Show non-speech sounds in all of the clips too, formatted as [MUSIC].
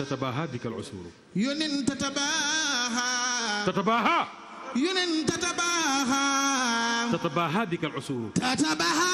tatabaaha bikal usuru yunin tatabaaha tatabaaha yunin tatabaaha tatabaaha bikal usuru tatabaaha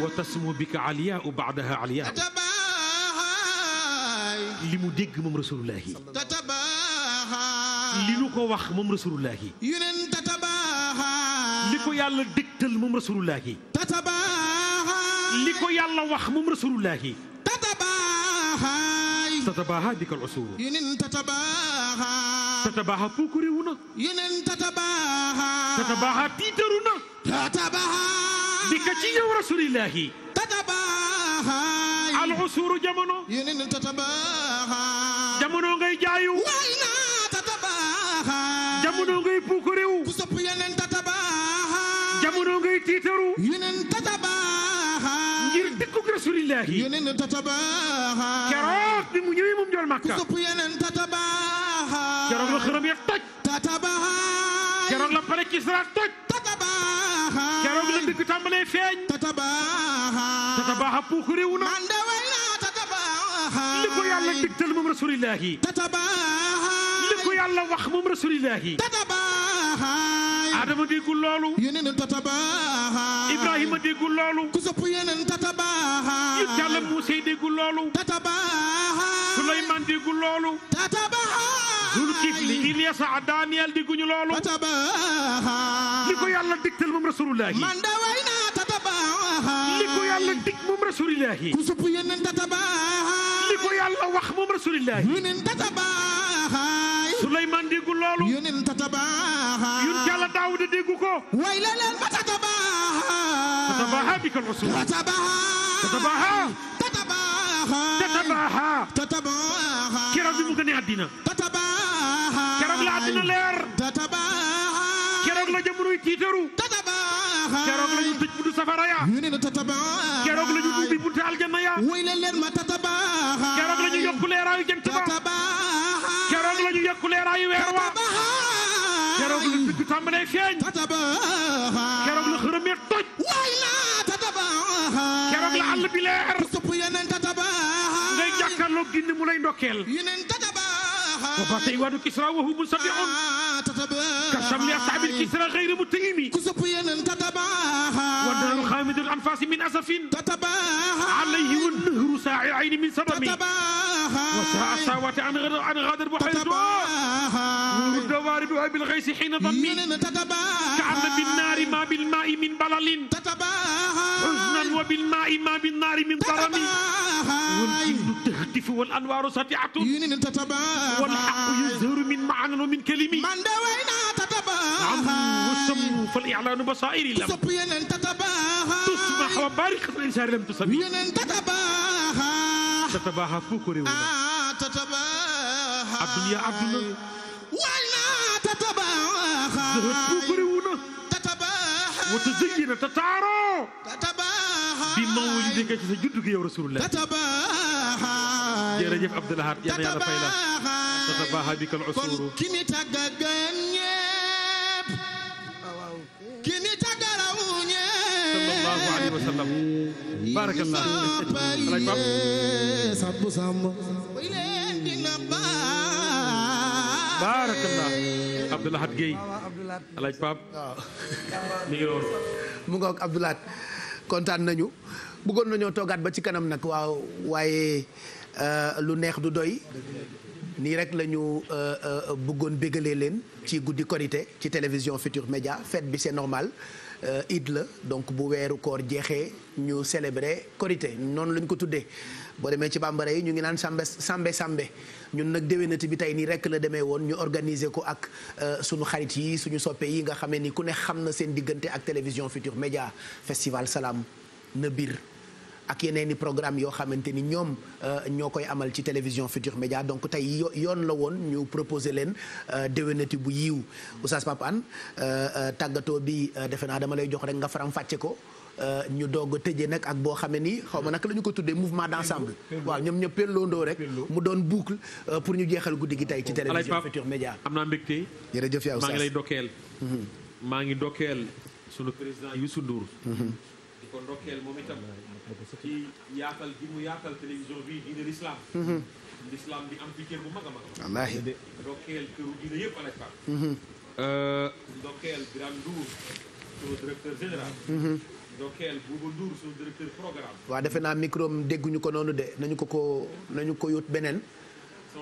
wa tasmu bika aliya u baadaha aliya tatabaaha li mu dégg moom rasulullahi tatabaaha li nu ko wax moom rasulullahi yunin tatabaaha li ko yàlla dégtal moom rasulullahi tatabaaha li ko yàlla wax moom rasulullahi tatabaaha tatabaha bikal usulu yunin tatabaha tatabaha pukurewu na yunin tatabaha tatabaha tiitaru na tatabaha bika al usuru jamono jamono ngay jaayu way na jamono ngay pukurewu jamono ngay tiitaru yunin tatabaha ngir demal Makka. ku supp yeneen tatabaay. keroog la xërëm ya toj. tatabaay. keroog la pare Kisra toj. tatabaay. keroog la dëgg tàmbalee feeñ. tatabaay. tatabaaxa puukuriwu na. man de way naa tatabaay. li ko yàlla digtal moom rasulillahi. tatabaay. li ko yàlla wax moom rasulillahi. tatabaay. Adama déggul loolu. yeneen tatabaaxaay. Ibrahima déggul loolu. ku sopp yeneen tatabaaxaay. yu jàll Muusee déggul loolu. tatabaaxaay. Souleymane diggu loolu. Zulkifli Ilyas Daniel digguñu loolu. li ko yàlla digtal moom rasulullahi. li ko yàlla dig moom rasulullahi. li ko yàlla wax moom rasulullahi. Souleymane diggu loolu. yun jàlla Daawuda diggu ko. tatabaha bika rasul tatabaha tatabaaxa tatabaaxa keroog bi mu gënee àddina tatabaaxa keroog la àddina leer tatabaaxa keroog la jamonoy tiitaru tatabaaxa keroog la ñu tëj bu du safara ya ñu ne la tatabaaxa keroog la ñu ubbi bu aljanna ya woy leen leen ma tatabaaxa keroog la ñu yokk leeraayu jant ba tatabaaxa keroog la ñu yokk leeraayu weer wa keroog la dëgg tàmbalee feeñ tatabaaxa toog dindi mu lay ndokkeel ba tey waadu kisra wa hum musabbihun ah, ka shamli ashaabil kisra ghayri mutayimi wa daaru xaamidul anfaasi min asafin alayhi wa nahru saa'i ayni min sabami وتعصى وتعن عن غدر بحيث نور الدوار بها بالغيث حين ضمي كعب بالنار ما بالماء من بلل حزنا وبالماء ما بالنار من ضرم والجند تهتف والانوار ساطعه والحق يزهر من معنى ومن كلمه من دوينا تتباهى والسم فالاعلان بصائر لم تسمح وبارك الانسان لم تسمح tatabaaxa puukarewu na adduniya adduna zuhud puukarewu na wata zëngi na tataaroo bi mawlidika ci sa juddu gi yow rasulullah jërëjëf Abdou Lahad yal na yàlla fay la tatabaaxa bi kal usuuru wa sallam barakallah alaaj kontaan nañu bëggoon nañoo toogaat ba ci kanam nag waaw waaye euh, lu neex du doy nii rek lañu ñu euh, euh, bëggoon bégalee leen ci guddi korité ci télévision Futur Média fête bi c'est normal Euh, id la donc bu weeru koor jeexee ñu célébrer korité noonu lañ ko tuddee boo demee ci bambara yi ñu ngi naan sambe sambe sambe ñun nag déwénati bi tey nii rek la demee woon ñu organiser ko ak euh, suñu xarit yi suñu soppee yi nga xamee ni ku ne xam na seen diggante ak télévision Futur Média festival salaam na biir ak yeneen i programme yoo xamante ni ñoom euh, ñoo koy amal ci télévision Futur Média donc tey yoon la woon ñu proposer leen euh, déwénati bu yiiw Oustaz Pape Hann euh, tàggatoo bi defe naa dama lay jox rek nga faram fàcce ko ñu doog a tëjee nag ak boo xamee ni xaw ma naka la ñu ko tuddee mouvement d'ensemble waaw ñoom ñëpp pelloondoo rek mu doon boucle pour ñu jeexal guddi gi tey ci télévision Futur Média am naa mbégte jërëjëf maa ngi lay dokkeel mhm. maa ngi dokkeel sunu président Youssou Ndour mhm. ko ndokkeel moom itam ci yaatal gi mu yaatal télévision mhm. a mhm. euh, mhm. defe naa micro dégguñu ko noonu de nañu ko ko nañu ko yóot beneen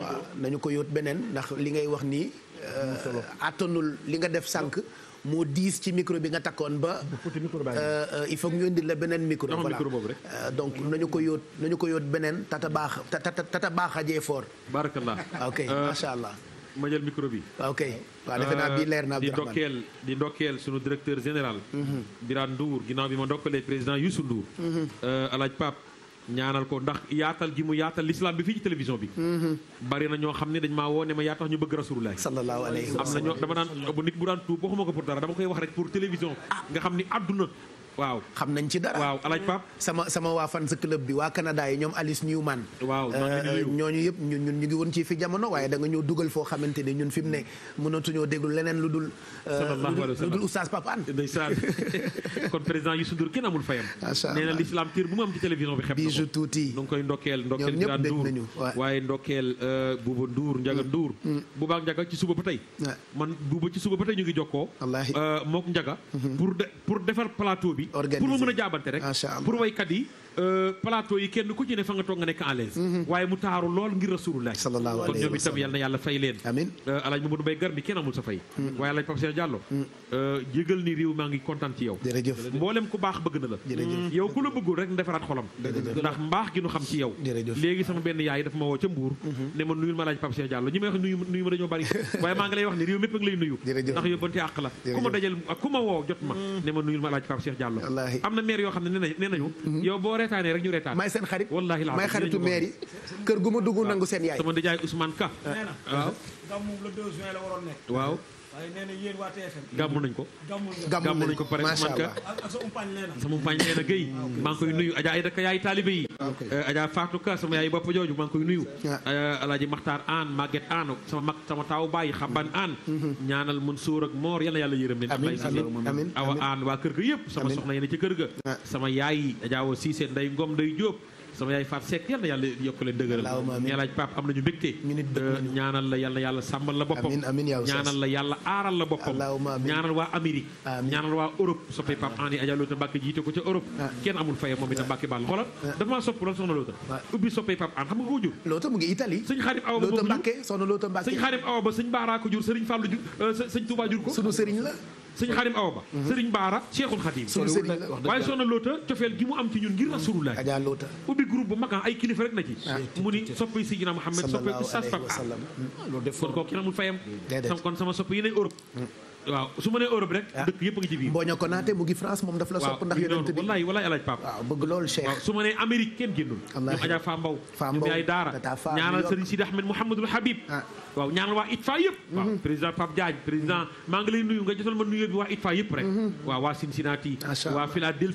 waaw nañu ko yóot beneen ndax li ngay wax nii euh, attanul li nga def sànq moo diis ci micro bi nga takkoon ba. Euh, euh, il faut ñu indil la beneen micro. voilà euh, donc ko yóot nañu ko yóot beneen tata baax tata tata baax ajee fort. barakallah ah, ok macha allah. ma jël micro bi. Ah, ok waaw defe naa bii leer na di ndokkeel di ndokkeel sunu directeur général. Mhm. Birane Ndour ginnaaw bi ma ndokkalee président Youssou Ndour. Mhm. Alaaj Pape. ñaanal ko ndax yaatal gi mu yaatal l'islam bi fii ci télévision bi bari na ñoo xam ne dañ maa woo ne ma yaa tax ñu bëgg rasulullah sallallahu alayhi wa sallam am na ñoo dama daan bu nit bu daan tuub waxuma ko pour dara dama koy wax rek pour télévision ah. nga xam ni àdduna waaw xam nañ ci dara. waaw alaaj Pape sama sama sa fans club bi waa Canada yi ñoom Alice Newman. waaw euh, ñooñu yëpp ñun ñun ñu ngi woon ci fi jamono waaye da nga ñëw dugal foo xamante ni ñun fi mu ne mënatuñoo déglu leneen lu dul. Euh, lu dul oustaz Pape Hann. ndeysaan [LAUGHS] kon président Youssou Ndour kenn amul fayam. macha allah nee na l'islam tir bu mu am ci télévision bi. xepp na ko bii je tuuti. ñu ngi koy ndokkeel ndokkeel. ñoom ñëpp dégg nañu waaye ndokkeel euh, Bouba Ndour Ndiaga mm. Ndour. Mm. Bouba ci suba ba tey. man Bouba ci suba ba tey ñu ngi jokkoo. wallaahi mook Ndiaga mm-hmm. pour pour bi. pour mu mën a jaabante rek. pour waykat yi. Euh, plateau yi kenn ku ci ne fa nga toog nga nekk à mhm. waaye mu taaru lool ngir rasulullah sallallahu alayhi wa sallam kon ñoom itam yal na yàlla fay leen amiin euh, alaaj Mamadou Mbaye Garmi kenn amul sa fay mhm. waaye alaaj Pape Cheikh Diallo mhm. euh, maa ngi kontaan ci yow jërëjëf mboolem ku baax bëgg na la yow ku la bëggul rek defaraat ndax mbaax gi nu xam ci yow léegi sama benn yaay dafa ma woo ca Mbuur ne ma nuyul ma alaaj Pape Cheikh Diallo [LAUGHS] a ngi ndax yóbbante àq la ku ma dajal jot ma ne ma nuyul ma alaaj Pape Cheikh Diallo am na maire yoo xam ne nee nañu yow boo reetaanee rek ñu reetaan may seen xarit wallaahi may xaritu maire yi kër gu ma dugg nangu seen yaay sama nijaay Ousmane Ka waaw ah. moom le 2 juin la waroon nekk waaw waaye waa TFM gàmmu nañ ko gàmmu nañ ko pare man ka sama umpaañ leena Guèye ah, maa ngi koy nuyu Adja Aïda Ka yaay taalibe yi euh, Adja Fatou Ka sama yaay bopp jooju maa ngi koy nuyu ah. euh, Alaaji Maxtaar Aan Maguette Aan sama mag sama taaw bàyyi xaban Aan mm-hmm. ñaanal Mansour ak Moor yal na yàlla yërëm leen amiin awa Aan waa kër ga yëpp sama soxna yéen ci kër ga ah. sama yaay Adja Awa Cissé Ndey Ngom Ndey Jóob sama yaay faat Seck yal na yàlla yokk leen dëgëral yàllaaj pap am nañu mbégte euh, ñaanal la yàlla yàlla sàmmal la boppam ñaanal la yàlla aaral la boppam ñaanal waa Amérique ñaanal waa Europe soppee pap an yi aja loota Mbàkke jiite ko ca Europe ah. kenn amul faye moom itam Mbàkke bàll ah. sopp lool soxna loota ah. ubbi soppee pap an xam nga ko jur sëñ xaadim awa ba sëñ xaadim awa ba sëñ baaraa ko jur jur euh, sëñ Tuubaa jur ko sunu sëriñ la sëñ xarim aw ba mhm. sëriñ baara cheikhul xadim waaye soxna loota cofeel gi mu am ci ñun ngir mhm. rasulullah ajaa loota ubbi groupe bu magan ah, ay kilifa rek na ci ah, mu ni soppay sidina Muhammad soppay oustaz Pape kon kooku amul fayam kon sama sopp yi ne Europe mm. waaw su ma nee Europe rek. Ah. dëkk yëpp a ngi ci biir. Mboño Konaté mu ngi France moom daf la sopp ndax yonent bi wallaay wallaay alaaj Pape. bëgg loolu Cheikh. waaw su ma nee Amérique kenn génnul. wallaahi Daara ñaanal Serigne Sidi Ahmed Mouhamadul Habib. Ah. waaw ñaanal mm-hmm. waaw président Pape Diagne président maa ngi lay nuyu nga jotal ma nuyu bi waa ITFA yëpp rek. Mm-hmm. waaw waa Cincinnati. waa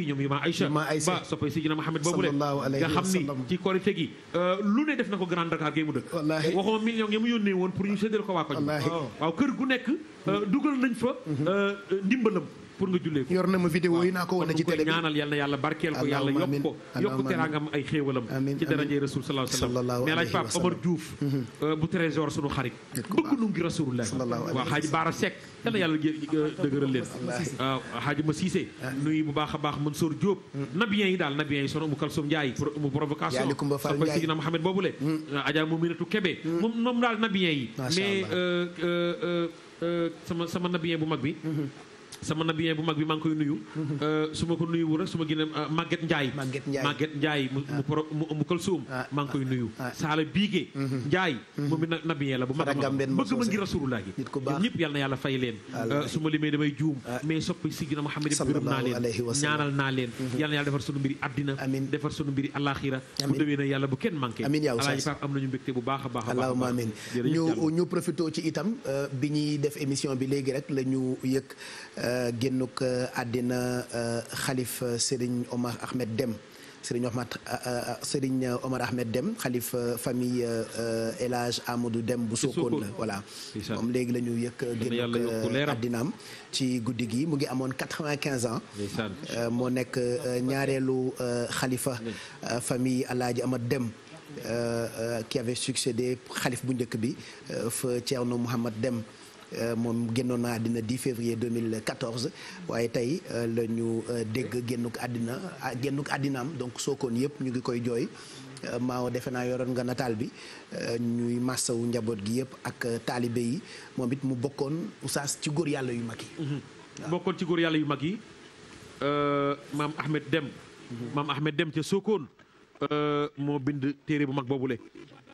yi ma Aïcha. ba soppay Sidina Mohamed boobu rek nga xam ni ci korite gi euh, lu ne def na ko Grand Dakar mu dëkk. yi mu yónnee woon pour nañ fa mhm. euh, euh, ndimbalam pour nga jullee ko yor na ma vidéo yi naa ko wane ci télé bi ñaanal yal na yàlla barkeel ko yàlla yokk ko yokk teraangam ay xéewalam ci darajey rasul sallallahu mais laaj Pape Omar Diouf mm-hmm. euh, bu trésor sunu xarit bëgg nu ngi rasulullah xaaji Baara Seck yal na yàlla leen waaw euh, ma Cissé ah. nuyu bu baax a baax Mansour Diop mm. nabiyen yi daal nabiyen yi sono mu kalsom Ndiaye mu provocation soppa Sidina Mohamed boobule mm. euh, Adja Mominatu Kébé mm. moom moom daal nabiyen yi mais sama sama nabiyen bu ma bi mm-hmm. sama nabiyee bu mag bi maa ngi koy nuyu euh, su ma ko nuyu rek su ma génne euh, Maguette Ndiaye Maguette Ndiaye mu mu kël suum ah, maa ngi koy ah, nuyu ah. saala biigee mhm. Ndiaye moom mhm. la bu mag a mag bëgg ma ngir rasulullah gi ñoom ñëpp yal fay leen euh, su ma limee damay juum mais soppi naa leen ñaanal naa leen mhm. yal na yàlla defar sunu mbiri àddina defar sunu mbiri alaxira bu déwee na yàlla bu kenn manqué alaaji Pape am nañu mbégte bu baax a baax allahumma amin ñu ñu ci itam bi ñuy def émission bi léegi rek la ñu yëg génnuk euh, àddina euh, xalif euh, Serigne Omar Ahmed Dem Serigne Omar Ahmed Dem xalif famille El Hadj Amadou Dem bu Sokone la voilà moom léegi la yëkk génnuk àddinaam ci guddi gi mu ngi amoon quatre-vingt-quinze moo nekk ñaareelu xalifa famille El Hadj Amad Dem qui avait succédé xalif bu njëkk bi fa Thierno Mouhamad Dem Euh, moom génnoon na àddina 10 février waaye tey euh, la euh, dégg génnuk àddina génnuk àddinaam donc sookoon yëpp ñu ngi koy jooy Mao defe naa yoroon nga nataal bi ñuy massawu njaboot gi yëpp ak taalibe yi moom it mu bokkoon oustaz ci góor yàlla yu mag yi. Mhm. bokkoon ci góor yàlla yu mag yi maam Ahmed Dem. Mhm. maam Ahmed Dem ca Sokone. moo bind téere bu mag boobule.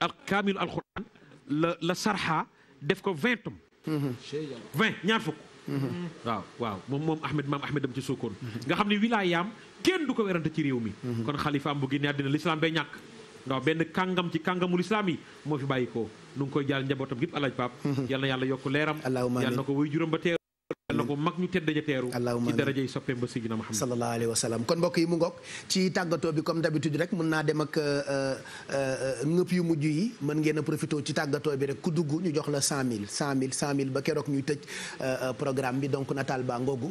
ak kaamilu alxuraan la la sarxa def ko vingt vingt ñaar fukk waaw waaw moom moom Ahmed maam Ahmed dem ci Sokone nga xam ne wilaayaam kenn du ko werante ci réew mi kon xalifaam bu génne àddina lislaam bee ñàkk ndax benn kàngam ci kàngamul islaam yi moo fi bàyyi ko nu koy jaal njabootam gépp alaaj Paap yal na yàlla yokk leeram yal na ko wuy juróom ba teer na ko mag ñu tedd ja teeru allahumma ci darajay soppeem ba sayyidina Muhammad sallallahu alayhi wa sallam kon mbokk yi mu ngoog ci tàggatoo bi comme d'habitude rek mën naa dem ak euh, euh, euh, yu mujj yi mën ngeen a profité ci tàggatoo bi rek ku dugg ñu jox la cent mille cent mille cent mille ba keroog ñu tëj programme bi donc nataal baa ngoogu